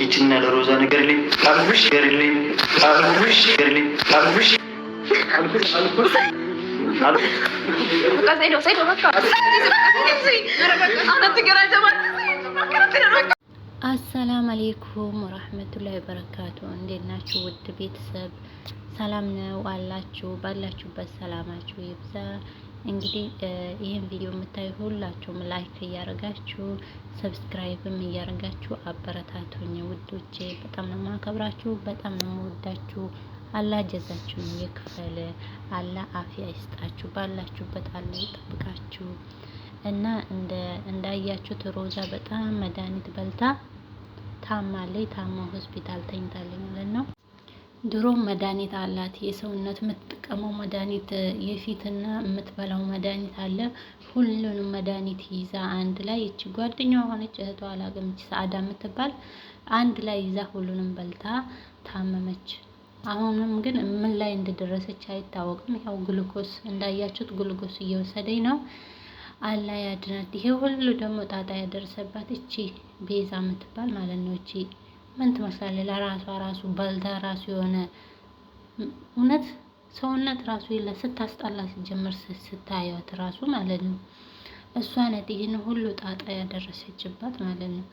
ይችና ለሮዛ ነገር የለኝ ነገር የለኝ ነገር የለኝ አልኩሽ አሰላም አሌይኩም ወራህመቱላሂ ወበረካቱ። እንዴት ናችሁ ውድ ቤተሰብ? ሰላም ነው አላችሁ? ባላችሁበት ሰላማችሁ ይብዛ። እንግዲህ ይህን ቪዲዮ የምታዩ ሁላችሁም ላይክ እያደረጋችሁ ሰብስክራይብም እያደረጋችሁ አበረታቱኝ ውዶቼ። በጣም ነው ማከብራችሁ፣ በጣም ነው የምወዳችሁ። አላህ ጀዛችሁን የክፈል፣ አላህ አፍያ ይስጣችሁ፣ ባላችሁበት አላህ ይጠብቃችሁ። እና እንደ እንዳያችሁት ሮዛ በጣም መድኃኒት በልታ ታማለች። ታማ ሆስፒታል ተኝታለች ማለት ነው። ድሮም መድኃኒት አላት የሰውነት የምትጠቀመው መድኃኒት የፊትና የምትበላው መድኃኒት አለ። ሁሉንም መድኃኒት ይዛ አንድ ላይ እቺ ጓደኛ ሆነች እህቷ አላገምች ሰአዳ የምትባል አንድ ላይ ይዛ ሁሉንም በልታ ታመመች። አሁንም ግን ምን ላይ እንደደረሰች አይታወቅም። ያው ግሉኮስ እንዳያችሁት ግሉኮስ እየወሰደኝ ነው አላ ያድናት። ይሄ ሁሉ ደግሞ ጣጣ ያደረሰባት እቺ ቤዛ የምትባል ማለት ነው። እቺ ምን ትመስላለች? ለራሷ ራሱ ባልታ ራሱ የሆነ እውነት ሰውነት ራሱ የለ ስታስጠላ ሲጀምር ስታየት ራሱ ማለት ነው። እሷ ነት ይህን ሁሉ ጣጣ ያደረሰችባት ማለት ነው።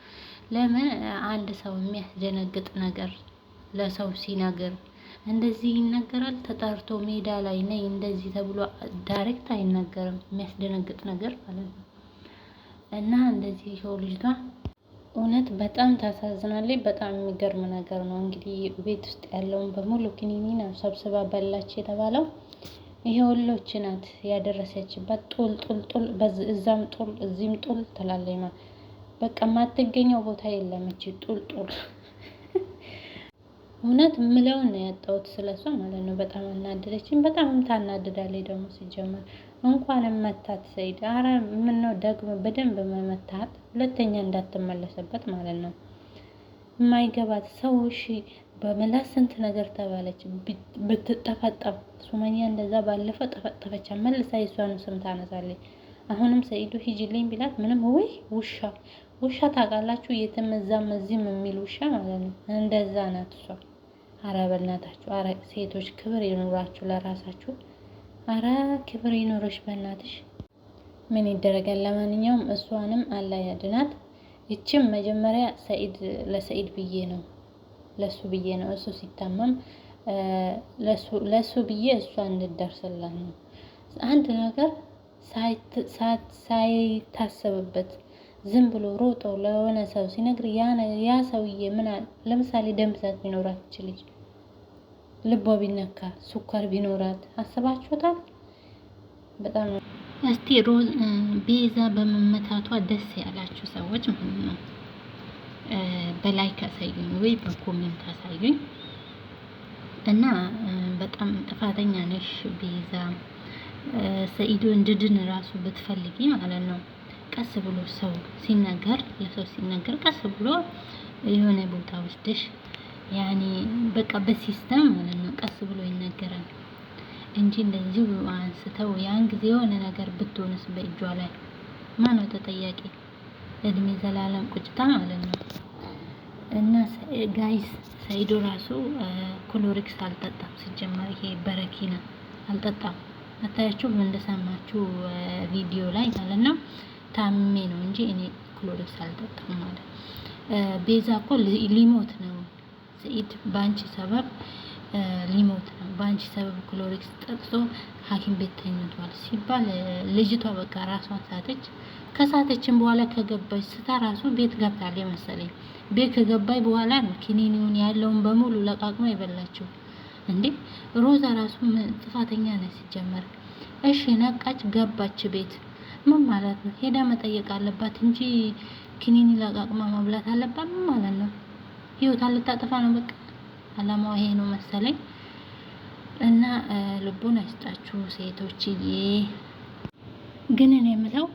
ለምን አንድ ሰው የሚያስደነግጥ ነገር ለሰው ሲነግር እንደዚህ ይነገራል። ተጠርቶ ሜዳ ላይ ነይ እንደዚህ ተብሎ ዳይሬክት አይነገርም። የሚያስደነግጥ ነገር ማለት ነው። እና እንደዚህ ሰው ልጅቷ እውነት በጣም ታሳዝናለች። በጣም የሚገርም ነገር ነው። እንግዲህ ቤት ውስጥ ያለውን በሙሉ ክኒኒን ሰብስባ በላች የተባለው ይሄ ወሎች ናት ያደረሰችበት። ጡል ጡል ጡል፣ እዛም ጡል፣ እዚህም ጡል ትላለች። በቃ የማትገኘው ቦታ የለም እቺ ጡል ጡል እውነት ምለውን ነው ያጣሁት ስለሷ ማለት ነው። በጣም አናደደችኝ በጣም ታናድዳለች ደግሞ ሲጀመር እንኳን መታት አረ ምን ነው ደግሞ በደንብ መመታት ሁለተኛ እንዳትመለሰበት ማለት ነው። የማይገባት ሰው እሺ በምላስ ስንት ነገር ተባለች ብትጠፈጠፍ ሱመያ እንደዛ ባለፈው ጠፈጠፈች መልሳ የሷንም ስም ታነሳለች። አሁንም ሰይዱ ሂጂልኝ ቢላት ምንም ውይ ውሻ ውሻ ታውቃላችሁ? እየተመዛመዝም የሚል ውሻ ማለት ነው። እንደዛ ናት እሷ። አረ በእናታችሁ፣ አረ ሴቶች ክብር ይኑራችሁ ለራሳችሁ። አረ ክብር ይኑርሽ በእናትሽ። ምን ይደረጋል? ለማንኛውም እሷንም አላህ ያድናት። ይችም መጀመሪያ ሰኢድ ለሰኢድ ብዬ ነው ለሱ ብዬ ነው እሱ ሲታመም ለሱ ብዬ እሷ እንድደርስላት ነው። አንድ ነገር ሳይታሰብበት ዝም ብሎ ሮጦ ለሆነ ሰው ሲነግር ያ ሰውዬ ምን ለምሳሌ ደም ብዛት ቢኖራት ይችልች ልቧ ቢነካ ሱኳር ቢኖራት አስባችሁታል? በጣም እስቲ ሮዝ ቤዛ በመመታቷ ደስ ያላችሁ ሰዎች ማለት ነው በላይክ አሳዩኝ ወይ በኮሜንት አሳዩኝ። እና በጣም ጥፋተኛ ነሽ ቤዛ ሰኢዶ እንድድን ራሱ ብትፈልጊ ማለት ነው ቀስ ብሎ ሰው ሲነገር ለሰው ሲናገር ቀስ ብሎ የሆነ ቦታ ወስደሽ ያኔ በቃ በሲስተም ማለት ነው። ቀስ ብሎ ይናገራል እንጂ እንደዚህ አንስተው ያን ጊዜ የሆነ ነገር ብትሆንስ በእጇ ላይ ማነው ተጠያቂ? እድሜ ዘላለም ቁጭታ ማለት ነው። እና ጋይስ ሰይዶ ራሱ ክሎሪክስ አልጠጣም። ሲጀመር ይሄ በረኪና አልጠጣም። አታያችሁ እንደሰማችሁ ቪዲዮ ላይ ማለት ነው። ታሜ ነው እንጂ እኔ ክሎሪክስ አልጠጣም ማለት ቤዛ እኮ ሊሞት ነው ሰኢድ በአንቺ ሰበብ ሊሞት ነው በአንቺ ሰበብ ክሎሪክስ ጠጥቶ ሀኪም ቤት ተኝቷል ሲባል ልጅቷ በቃ ራሷን ሳተች። ከሳተችን በኋላ ከገባች ስታ ራሱ ቤት ገብታለች መሰለኝ። ቤት ከገባች በኋላ ነው ኪኒኒውን ያለውን በሙሉ ለቃቅማ የበላችው። እንዴ ሮዛ ራሱ ጥፋተኛ ነች ሲጀመር። እሺ ነቃች፣ ገባች ቤት ምን ማለት ነው? ሄዳ መጠየቅ አለባት እንጂ ክኒን ለቃቅማ መብላት አለባት ማለት ነው። ህይወት ልታጠፋ ነው። በቃ አላማው ይሄ ነው መሰለኝ። እና ልቡን አይስጣችሁ ሴቶችዬ። ግን እኔ የምለው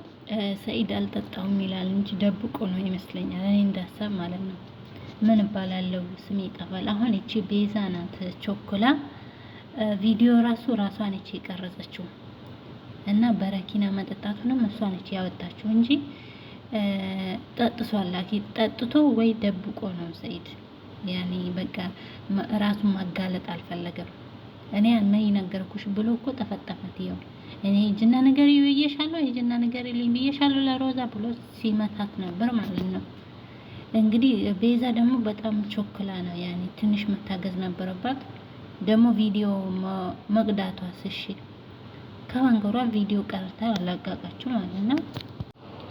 ሰኢድ አልጠጣውም ይላል እንጂ ደብቆ ነው ይመስለኛል። እኔ እንዳሳብ ማለት ነው። ምን እባላለሁ ስሜ ይጠፋል። አሁን እቺ ቤዛ ናት ቾኮላ ቪዲዮ ራሱ ራሷን እቺ የቀረጸችው እና በረኪና መጠጣቱንም እሷ ነች ያወጣችው እንጂ ጠጥሷል። ጠጥቶ ወይ ደብቆ ነው ሰኢድ። ያኔ በቃ ራሱን ማጋለጥ አልፈለገም። እኔ ያነ ነገርኩሽ ብሎ እኮ ጠፈጠፈት። ይኸው እኔ ሂጂና ንገሪ ብዬሻለሁ፣ ሂጂና ንገሪ ልኝ ብዬሻለሁ ለሮዛ ብሎ ሲመታት ነበር ማለት ነው። እንግዲህ ቤዛ ደግሞ በጣም ቾክላ ነው። ያኔ ትንሽ መታገዝ ነበረባት። ደግሞ ቪዲዮ መቅዳቷስ እሺ ከመንገሯ ቪዲዮ ቀርታ ያላጋቃችሁ ማለት ነው።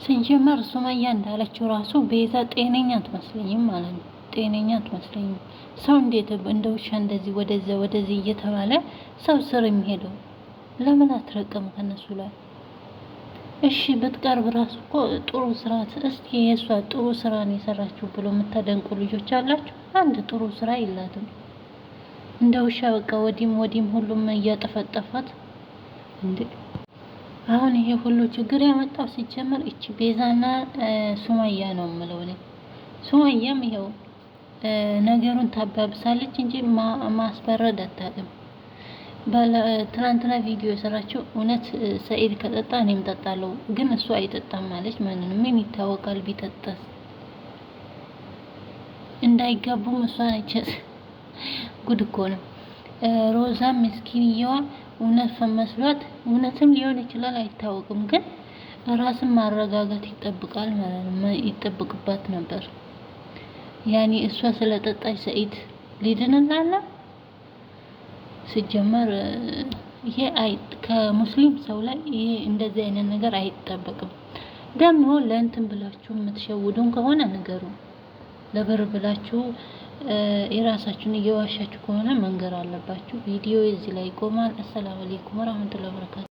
ስንጀመር ሱመያ እንዳለችው ራሱ ቤዛ ጤነኛ አትመስለኝም ማለት ነው። ጤነኛ አትመስለኝም። ሰው እንዴት እንደ ውሻ እንደዚህ ወደዚ ወደዚህ እየተባለ ሰው ስር የሚሄደው ለምን አትረቅም ከነሱ ላይ? እሺ ብትቀርብ ራሱ እኮ ጥሩ ስራ እስኪ የእሷ ጥሩ ስራ ነው የሰራችሁ ብሎ የምታደንቁ ልጆች አላችሁ። አንድ ጥሩ ስራ የላትም። እንደ ውሻ በቃ ወዲም ወዲም ሁሉም እያጠፈጠፋት እንዴ አሁን ይሄ ሁሉ ችግር ያመጣው ሲጀመር እቺ ቤዛና ሱማያ ነው የምለው እኔ። ሱማያም ይኸው ነገሩን ታባብሳለች እንጂ ማስበረድ አታውቅም። ትናንትና ቪዲዮ የሰራችው እውነት ሰኢድ ከጠጣ እኔም ጠጣለሁ፣ ግን እሱ አይጠጣም ማለች ማለት ምን ይታወቃል ቢጠጣስ? እንዳይጋቡም እሷ ነች። ጉድ እኮ ነው። ሮዛ ምስኪንየዋ እውነት ከመስሏት እውነትም ሊሆን ይችላል አይታወቅም፣ ግን ራስን ማረጋጋት ይጠብቃል ማለት ነው ይጠብቅባት ነበር። ያኔ እሷ ስለጠጣች ሰኢድ ሊድንላለ ሲጀመር ይሄ ከሙስሊም ሰው ላይ ይሄ እንደዚህ አይነት ነገር አይጠበቅም። ደግሞ ለእንትን ብላችሁ የምትሸውዱን ከሆነ ነገሩ ለብር ብላችሁ የራሳችሁን እየዋሻችሁ ከሆነ መንገር አለባችሁ። ቪዲዮ እዚህ ላይ ይቆማል። አሰላሙ አለይኩም ወራህመቱላሂ ወበረካቱ